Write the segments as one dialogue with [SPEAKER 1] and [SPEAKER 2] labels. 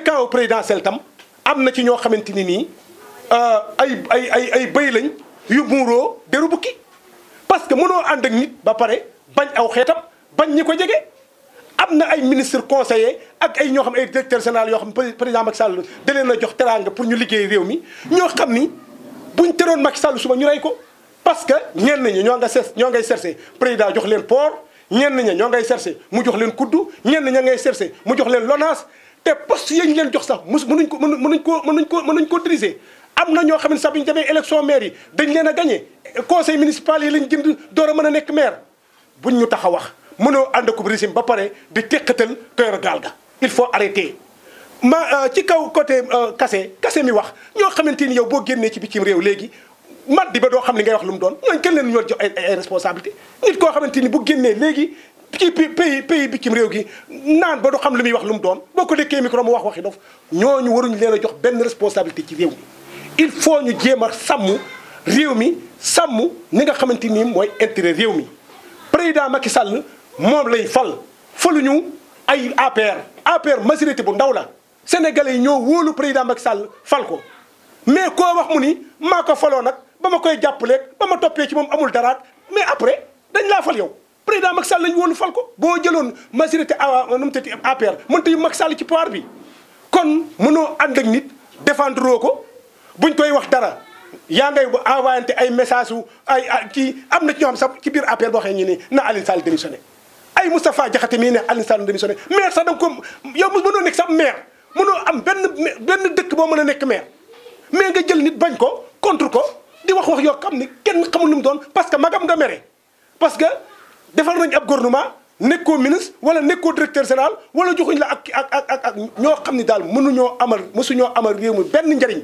[SPEAKER 1] kaw présidentiel tam am na ci ñoo xamante ni nii euh, ay ay ay ay bëy lañ yu muuroo deru bukki parce que mënoo ànd ak nit ba pare bañ aw xeetam bañ ñi ko jege am na ay ministre conseiller ak ay ñoo xam ay directeur général yoo xam président Macky Sall da leen a jox teraanga pour ñu liggéey réew mi ñoo xam ni buñ teroon mag Sall suba ñu rey ko parce que ñenn ñi ñoo nga ses ñoo ngay cherché président jox leen port ñenn ña ñoo ngay cherché mu jox leen kuddu ñenn ña ngay cherché mu jox leen lonaas te poste yi ñu leen jox sax mos mënuñ ko mënuñ ko mënuñ ko mënuñ ko diriger am na ñoo xam ne sax bi ñu demee élection maire yi dañ leen a gagné conseil municipal yi lañ jënd door a mën a nekk maire bu ñu tax a wax mënoo ànd ak régime ba pare di teqatal kër gaal ga. il faut arrêter ma euh, ci kaw côté euh, kase Kassé mi wax ñoo xamante ni yow boo génnee ci bi cim réew léegi mat di ba doo xam ne ngay wax lu mu doon ñooñu kenn leen ñoo jox ay responsabilité nit koo xamante ni bu génnee léegi. ci pays pays bitim réew gi naan ba du xam lu muy wax lu mu doon boo ko dékkee micro mu wax waxi dof ñu waruñu leen a jox benn responsabilité ci réew mi il faut ñu jéem a sàmm réew mi sàmm ni nga xamante ni mooy intérêt réew mi président Macky Sall moom lay fal falu ñu ay APR APR majorité bu ndaw la sénégalais yi ñoo wóolu président Macky sàll fal ko mais koo wax mu ni maa ko faloo nag ba ma koy jàppaleeg ba ma toppee ci moom amul daraat mais après dañ laa fal yow président Macky Sall lañu woon fal ko boo jëloon majorité euh, nu mu tëddee APR mënut a yóbbu Macky Sall kon mënoo ànd ak nit défendre ko buñ koy wax dara yaa ngay envoyé ay message su ay ci am na ci ñoo xam sax ci biir APR boo xam ñu ne na Alioune Sall démissionné. ay Moustapha Diakhaté mii ne Alioune Sall démissionné maire sax da nga ko yow mënoo nekk sax maire mënoo am benn benn dëkk boo mën a nekk maire mais nga jël nit bañ ko contre ko di wax wax yoo xam ne kenn xamul lu mu doon parce que magam nga mere defar nañ ab gouvernement nekkoo ministre wala nekkoo directeur général wala joxuñ la ak ak ak ak ñoo xam ni daal mënuñoo amal mësuñoo amal réew mi benn njariñ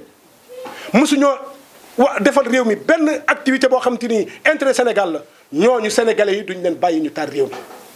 [SPEAKER 1] mësuñoo wa defal réew mi benn activité boo xam te ni intérêt Sénégal la ñu sénégalais yi duñ leen bàyyi ñu taal réew mi.